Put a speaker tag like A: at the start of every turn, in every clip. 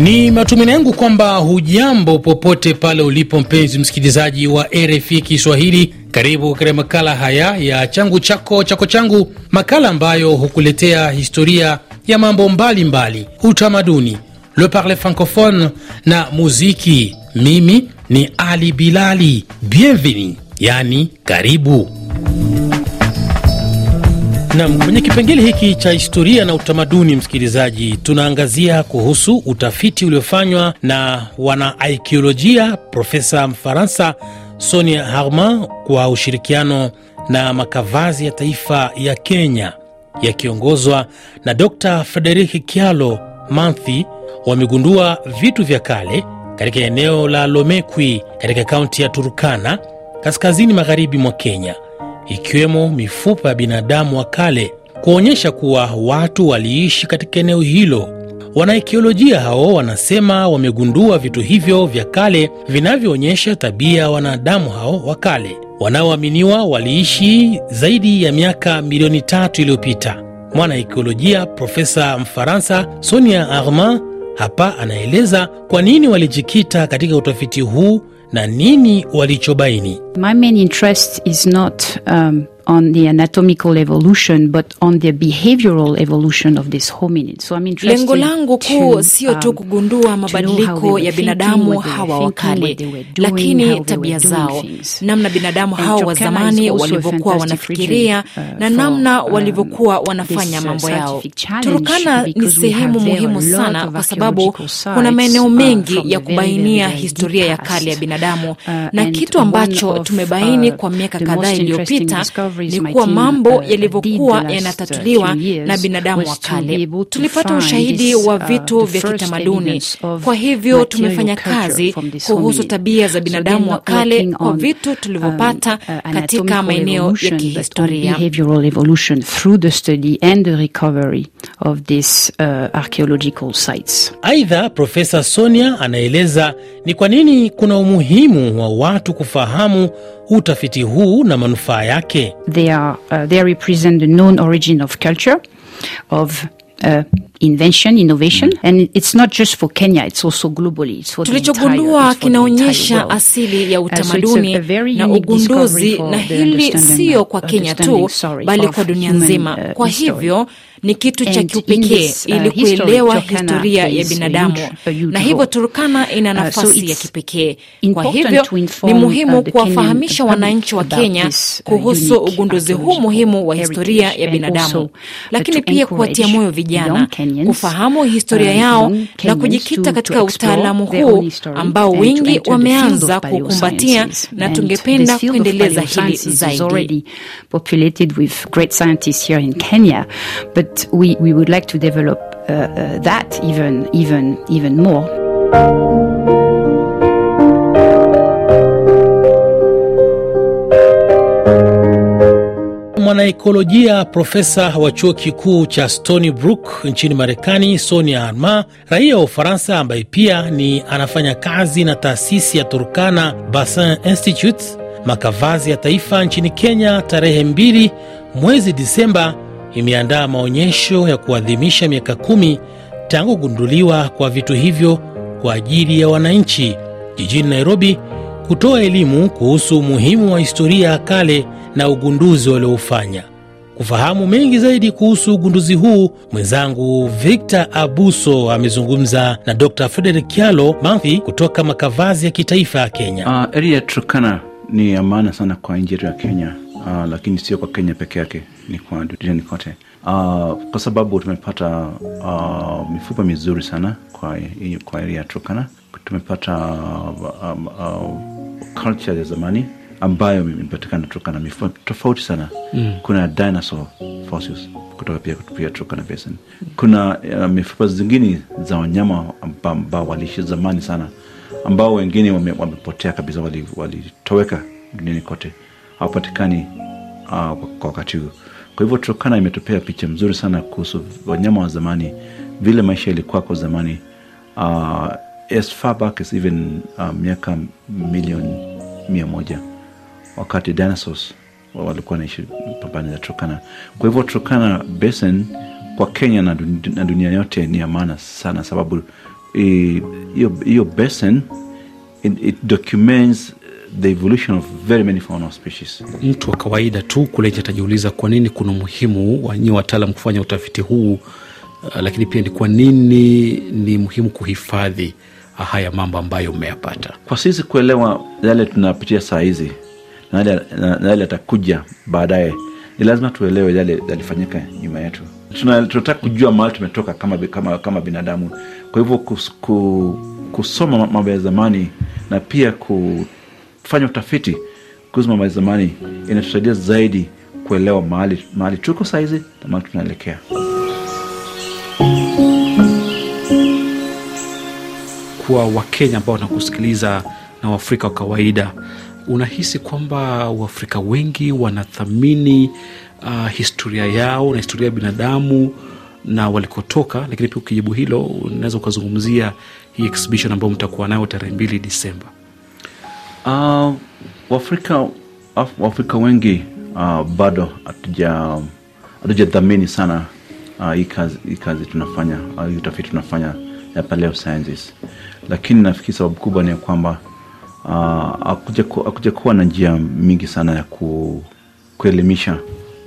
A: Ni matumaini yangu kwamba hujambo popote pale ulipo, mpenzi msikilizaji wa RFI Kiswahili. Karibu katika makala haya ya changu chako chako changu, makala ambayo hukuletea historia ya mambo mbalimbali, utamaduni, le parle francophone na muziki. Mimi ni Ali Bilali. Bienvenue, yani karibu. Nam, kwenye kipengele hiki cha historia na utamaduni, msikilizaji, tunaangazia kuhusu utafiti uliofanywa na wanaikiolojia Profesa Mfaransa Sonia Harman kwa ushirikiano na makavazi ya taifa ya Kenya yakiongozwa na Dr Frederik Kialo Manthi wamegundua vitu vya kale katika eneo la Lomekwi katika kaunti ya turukana kaskazini magharibi mwa Kenya ikiwemo mifupa ya binadamu wa kale kuonyesha kuwa watu waliishi katika eneo hilo. Wanaikiolojia hao wanasema wamegundua vitu hivyo vya kale vinavyoonyesha tabia ya wanadamu hao wa kale wanaoaminiwa waliishi zaidi ya miaka milioni tatu iliyopita. Mwanaikiolojia Profesa Mfaransa Sonia Armand hapa anaeleza kwa nini walijikita katika utafiti huu na nini walichobaini.
B: My main interest is not, um on the anatomical evolution but on the behavioral evolution of this hominid. So I'm interested Lengo langu kuu sio tu kugundua mabadiliko ya binadamu hawa wa kale, lakini tabia zao, namna binadamu um, hawa wa zamani walivyokuwa wanafikiria na namna walivyokuwa wanafanya uh, mambo yao. turukana ni sehemu muhimu sana, kwa sababu kuna maeneo uh, mengi ya kubainia historia ya kale ya binadamu, uh, na kitu ambacho tumebaini kwa miaka kadhaa iliyopita ni kuwa mambo uh, yalivyokuwa yanatatuliwa na binadamu wa kale. Tulipata ushahidi wa uh, vitu vya kitamaduni, kwa hivyo tumefanya kazi kuhusu tabia za binadamu wa kale kwa vitu tulivyopata um, uh, katika maeneo ya kihistoria.
A: Aidha, Profesa Sonia anaeleza ni kwa nini kuna umuhimu wa watu kufahamu utafiti huu na manufaa yake.
B: They are, uh, they represent the known origin of culture, of, uh, invention innovation mm. and it's not just for Kenya it's also globally it's for tulichogundua kinaonyesha asili ya utamaduni uh, so na ugunduzi na hili sio uh, kwa Kenya tu bali kwa dunia nzima uh, kwa hivyo ni kitu cha kipekee uh, ili kuelewa historia ya binadamu na hivyo turukana ina uh, nafasi uh, ya kipekee. Kwa hivyo ni muhimu uh, kuwafahamisha wananchi wa Kenya kuhusu ugunduzi huu muhimu wa historia ya binadamu, lakini pia kuwatia moyo vijana kufahamu historia uh, yao na kujikita katika utaalamu huu ambao wengi wameanza kukumbatia, na tungependa kuendeleza hili zaidi. But we, we would like to develop uh, uh, that even, even, even more.
A: mwanaekolojia profesa wa chuo kikuu cha Stony Brook nchini Marekani, Sonia Arma, raia wa Ufaransa ambaye pia ni anafanya kazi na taasisi ya Turkana Bassin Institute makavazi ya taifa nchini Kenya, tarehe 2 mwezi Disemba, imeandaa maonyesho ya kuadhimisha miaka kumi tangu kugunduliwa kwa vitu hivyo kwa ajili ya wananchi jijini Nairobi kutoa elimu kuhusu umuhimu wa historia ya kale na ugunduzi walioufanya. Kufahamu mengi zaidi kuhusu ugunduzi huu, mwenzangu Victor Abuso amezungumza na Dr. Frederick Kialo Mathi kutoka makavazi ya kitaifa ya Kenya. Uh, ah, eria ya Turkana
C: ni ya maana sana kwa nji yetu ya Kenya, uh, lakini sio kwa Kenya peke yake, ni kwa duniani kote. Uh, kwa sababu tumepata uh, mifupa mizuri sana kwa, kwa eria ya Turkana tumepata uh, um, uh, culture ya zamani ambayo imepatikana Turkana, mifua tofauti sana mm. Kuna dinosaur fossils kutoka pia pia Turkana Basin. Kuna uh, mifupa zingine za wanyama ambao waliishi zamani sana, ambao wengine wamepotea kabisa, walitoweka wali duniani kote, hawapatikani uh, kwa wakati huu. Kwa hivyo Turkana imetopea picha mzuri sana kuhusu wanyama wa zamani, vile maisha ilikuwako zamani uh, as far back as even uh, miaka um, milioni mia moja wakati dinosaurs walikuwa naishi pambani za Turkana. Kwa hivyo Turkana Basin kwa Kenya na, na dunia yote ni ya maana sana, sababu eh, hiyo basin it, it documents the evolution of very many fauna species.
A: Mtu wa kawaida tu kule atajiuliza kwa nini kuna umuhimu wanyiwe wataalam kufanya utafiti huu, uh, lakini pia ni kwa nini ni muhimu kuhifadhi haya mambo ambayo
C: umeyapata. Kwa sisi kuelewa yale tunapitia saa hizi na yale yatakuja baadaye, ni lazima tuelewe yale yalifanyika nyuma yetu. Tunataka kujua mahali tumetoka kama, kama, kama binadamu. Kwa hivyo kus, ku, kusoma mambo ya zamani na pia kufanya utafiti kuhusu mambo ya zamani inatusaidia zaidi kuelewa mahali, mahali tuko saa hizi na mahali tunaelekea. kuwa Wakenya ambao wanakusikiliza na Waafrika wa kawaida, unahisi kwamba Waafrika wengi wanathamini uh, historia yao na historia ya binadamu na walikotoka? Lakini pia ukijibu hilo, unaweza ukazungumzia hii exhibition ambayo mtakuwa nayo tarehe mbili Disemba. Uh, Waafrika Waafrika wengi uh, bado hatujathamini sana uh, hii kazi tunafanya uh, utafiti tunafanya ya paleo sciences, lakini nafikiri sababu kubwa ni kwamba ah, hakuja uh, kuwa na njia mingi sana ya ku, kuelimisha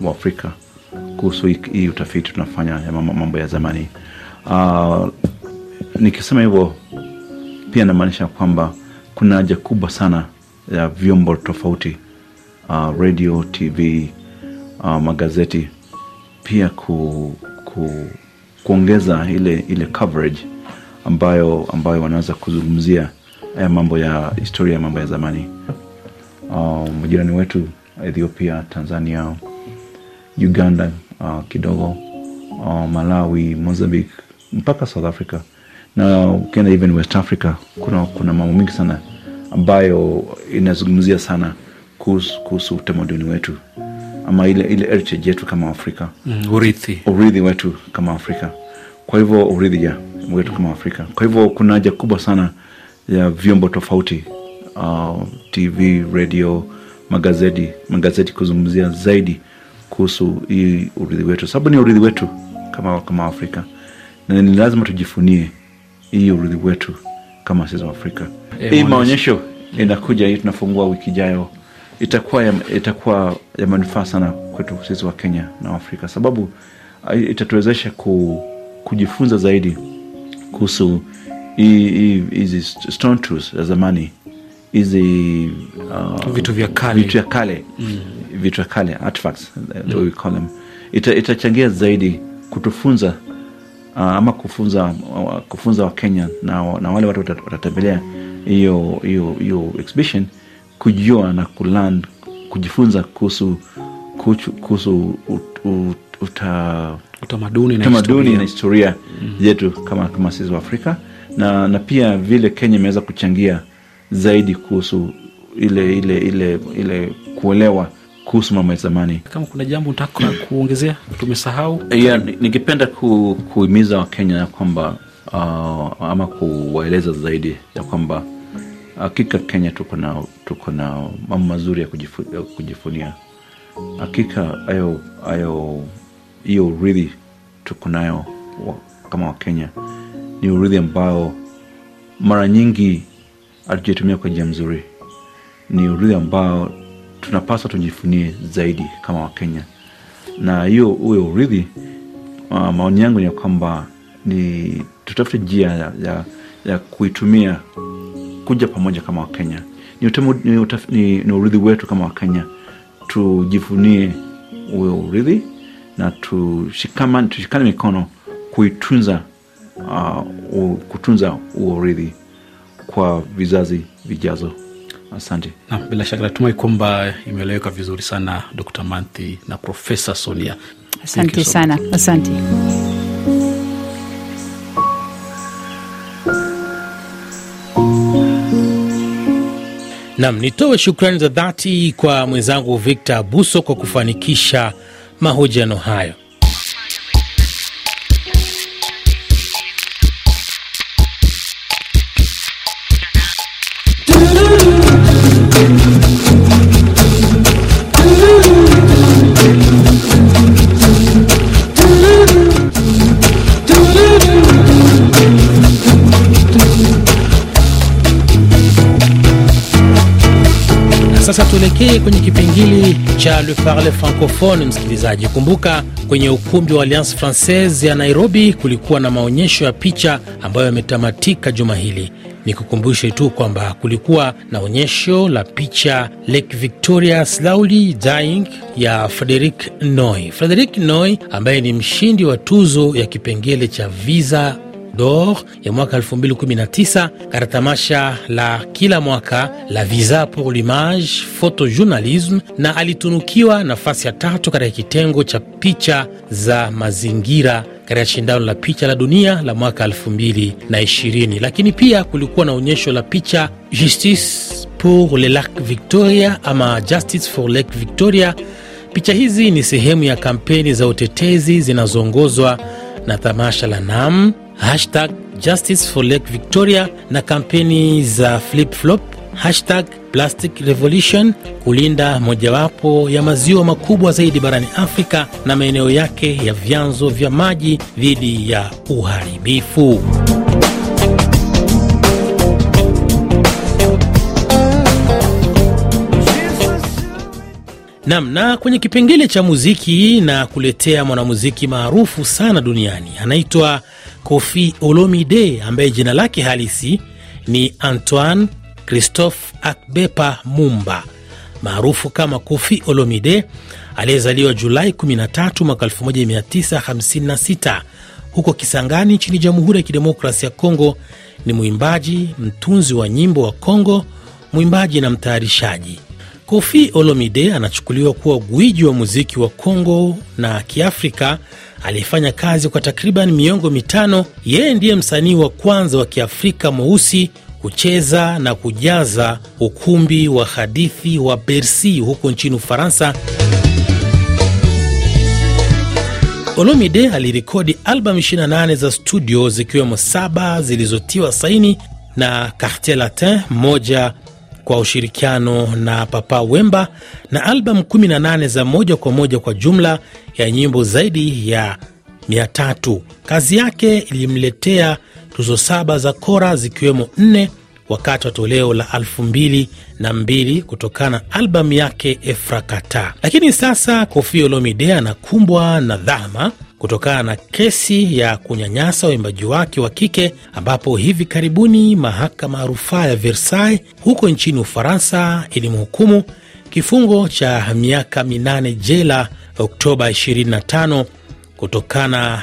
C: Waafrika kuhusu hii utafiti tunafanya ya mambo ya zamani. Uh, nikisema hivyo pia namaanisha kwamba kuna haja kubwa sana ya vyombo tofauti uh, radio, TV, uh, magazeti pia ku, ku, kuongeza ile, ile coverage ambayo, ambayo wanaweza kuzungumzia haya mambo ya historia ya mambo ya zamani. Um, majirani wetu Ethiopia, Tanzania, Uganda uh, kidogo uh, Malawi, mozambik mpaka South Africa na ukienda even West Africa kuna, kuna mambo mingi sana ambayo inazungumzia sana kuhusu, kuhusu utamaduni wetu ama ile, ile heritage yetu kama Afrika, mm, urithi urithi wetu kama Afrika. Kwa hivyo urithi ja wetu kama Afrika. Kwa hivyo kuna haja kubwa sana ya vyombo tofauti uh, TV, radio, magazeti, magazeti kuzungumzia zaidi kuhusu hii urithi wetu, sababu ni urithi wetu kama kama Afrika, na ni lazima tujifunie hii urithi wetu kama sisi wa Afrika. Hey, eh, hii maonyesho inakuja hii, tunafungua wiki ijayo, itakuwa ya, itakuwa ya manufaa sana kwetu sisi wa Kenya na Afrika, sababu uh, itatuwezesha ku, kujifunza zaidi kuhusu hizi stone tools za zamani hizi uh, vitu vya kale vitu vya kale mm. vitu vya kale artifacts uh, mm. we call them ita, itachangia zaidi kutufunza uh, ama kufunza uh, kufunza wakenya na, na wale watu watatembelea hiyo hiyo hiyo exhibition kujua na kulan kujifunza kuhusu kuhusu uta
D: utamaduni na historia, na
C: historia mm yetu kama, kama sisi wa Afrika na, na pia vile Kenya imeweza kuchangia zaidi kuhusu ile ile ile ile kuelewa kuhusu mambo ya zamani. Kama kuna jambo taka kuongezea tumesahau, yeah, ningependa ku, kuimiza Wakenya ya kwamba uh, ama kuwaeleza zaidi ya kwamba hakika Kenya tuko na tuko na mambo mazuri ya kujifunia. Hakika ayo ayo hiyo urithi tuko nayo kama Wakenya ni urithi ambao mara nyingi hatujaitumia kwa njia mzuri. Ni urithi ambao tunapaswa tujifunie zaidi kama Wakenya, na hiyo huyo urithi uh, maoni yangu ni ya kwamba ni tutafute njia ya, ya, ya kuitumia kuja pamoja kama Wakenya. Ni, ni, ni, ni urithi wetu kama Wakenya, tujifunie huyo urithi na tushikamane, tushikane mikono kuitunza uh, kutunza uoridhi kwa vizazi vijazo. Asante. Na bila shaka natumai kwamba imeeleweka vizuri sana, Dr. Manthi na Profesa Sonia.
B: Asante sana, asante.
A: Nam, nitoe shukrani za dhati kwa mwenzangu Victor Buso kwa kufanikisha mahojiano hayo. tuelekee kwenye kipengele cha Le Parle Francophone. Msikilizaji, kumbuka kwenye ukumbi wa Alliance Francaise ya Nairobi kulikuwa na maonyesho ya picha ambayo yametamatika juma hili. Nikukumbushe tu kwamba kulikuwa na onyesho la picha Lake Victoria Slowly Dying ya Frederic Noy. Frederic Noy ambaye ni mshindi wa tuzo ya kipengele cha Visa d'Or ya mwaka 2019 katika tamasha la kila mwaka la Visa pour l'Image Photojournalisme, na alitunukiwa nafasi ya tatu katika kitengo cha picha za mazingira katika shindano la picha la dunia la mwaka 2020. Lakini pia kulikuwa na onyesho la picha Justice pour le Lac Victoria ama Justice for Lake Victoria. Picha hizi ni sehemu ya kampeni za utetezi zinazoongozwa na tamasha la NAM hashtag Justice for Lake Victoria na kampeni za flop hashtag Plastic Revolution kulinda mojawapo ya maziwa makubwa zaidi barani Afrika na maeneo yake ya vyanzo vya maji dhidi ya uharibifu. Nam, na kwenye kipengele cha muziki na kuletea mwanamuziki maarufu sana duniani anaitwa Kofi Olomide ambaye jina lake halisi ni Antoine Christophe Akbepa Mumba maarufu kama Kofi Olomide aliyezaliwa Julai 13 mwaka 1956 huko Kisangani nchini Jamhuri ya Kidemokrasi ya Kongo. Ni mwimbaji, mtunzi wa nyimbo wa Kongo, mwimbaji na mtayarishaji. Kofi Olomide anachukuliwa kuwa gwiji wa muziki wa Kongo na Kiafrika aliyefanya kazi kwa takriban miongo mitano. Yeye ndiye msanii wa kwanza wa Kiafrika mweusi kucheza na kujaza ukumbi wa hadithi wa bersi huko nchini Ufaransa. Olomide alirekodi albamu 28 za studio zikiwemo saba zilizotiwa saini na Cartier Latin, moja kwa ushirikiano na Papa Wemba na albamu 18 za moja kwa moja kwa jumla ya nyimbo zaidi ya 300. Kazi yake ilimletea tuzo saba za Kora zikiwemo nne wakati wa toleo la 2002 kutokana na albamu yake Efrakata. Lakini sasa Koffi Olomide anakumbwa na dhama kutokana na kesi ya kunyanyasa waimbaji wake wa kike, ambapo hivi karibuni mahakama ya rufaa ya Versailles huko nchini Ufaransa ilimhukumu kifungo cha miaka minane jela Oktoba 25 kutokana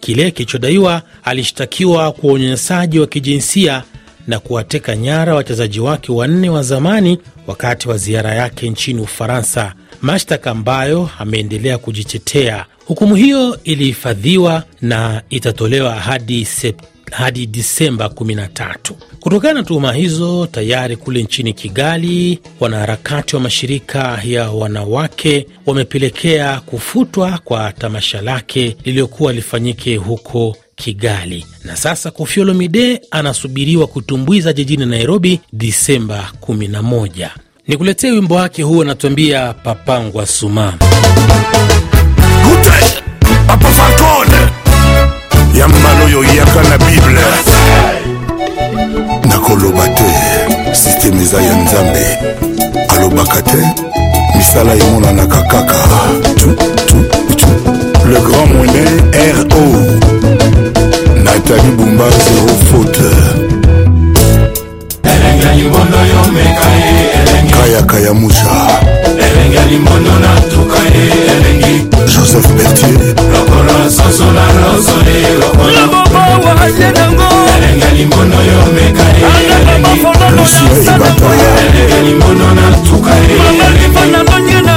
A: kile kilichodaiwa alishtakiwa kwa unyanyasaji wa kijinsia na kuwateka nyara wachezaji wake wanne wa zamani wakati wa ziara yake nchini Ufaransa, mashtaka ambayo ameendelea kujitetea Hukumu hiyo ilihifadhiwa na itatolewa hadi sep hadi Disemba 13. Kutokana na tuhuma hizo, tayari kule nchini Kigali, wanaharakati wa mashirika ya wanawake wamepelekea kufutwa kwa tamasha lake lililokuwa lifanyike huko Kigali, na sasa Koffi Olomide anasubiriwa kutumbwiza jijini Nairobi Disemba 11. Nikuletee wimbo wake huo, anatuambia papangwa sumama
D: oyo yaka na bible nakoloba te sisteme eza ya nzambe alobaka te misala emonanaka kaka tu, tu, tu. le grand mone ro natali bumba zero faute kayaka ya musha elengi alimbondo natuka ye elengi joseph bertier lobolososolarosolelokolobobowaye nango elenge limono yo mekaelusia ebataelengelimongo na tukaeaaaandonge na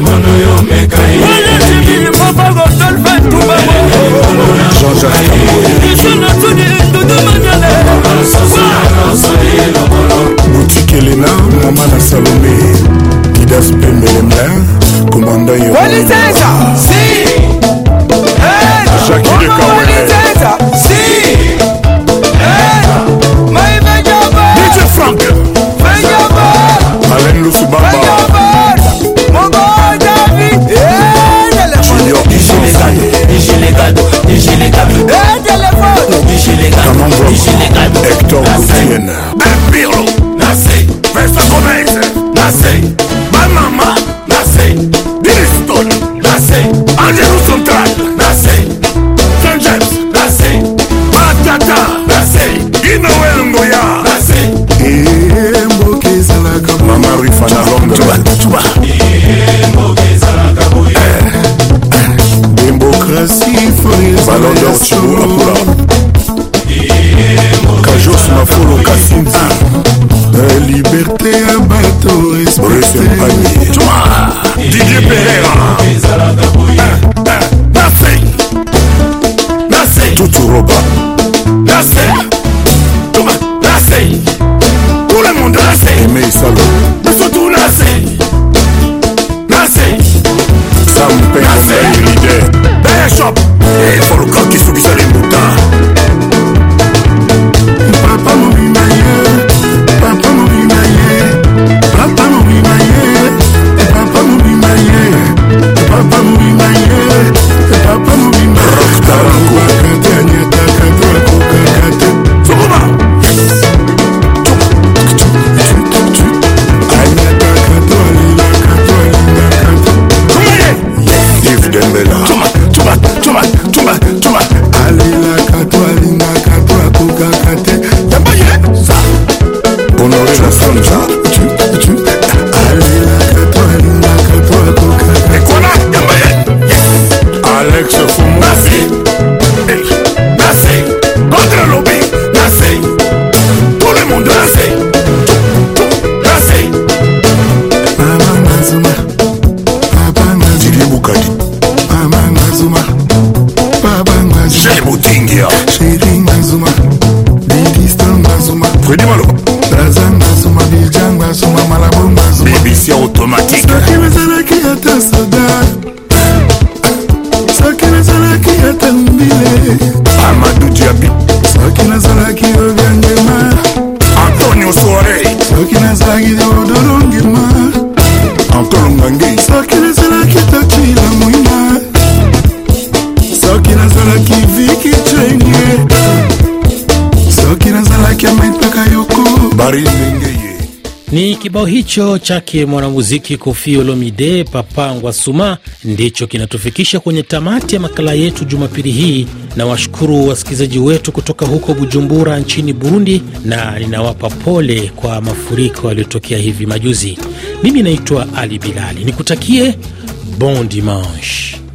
D: limono yo butike elena mama na salome kidas pembelemla komanda yo jacqui de now. nothing nothing tuturoba nothing tuma nothing tout le monde nothing aimé salo nous surtout nothing nothing sampe nothing leader bishop et faut le corps qui s'occupe 요
A: Ni kibao hicho chake mwanamuziki Koffi Olomide, Papa Ngwasuma, ndicho kinatufikisha kwenye tamati ya makala yetu Jumapili hii. na washukuru wasikilizaji wetu kutoka huko Bujumbura nchini Burundi, na ninawapa pole kwa mafuriko yaliyotokea hivi majuzi. Mimi naitwa Ali Bilali, nikutakie bon dimanche.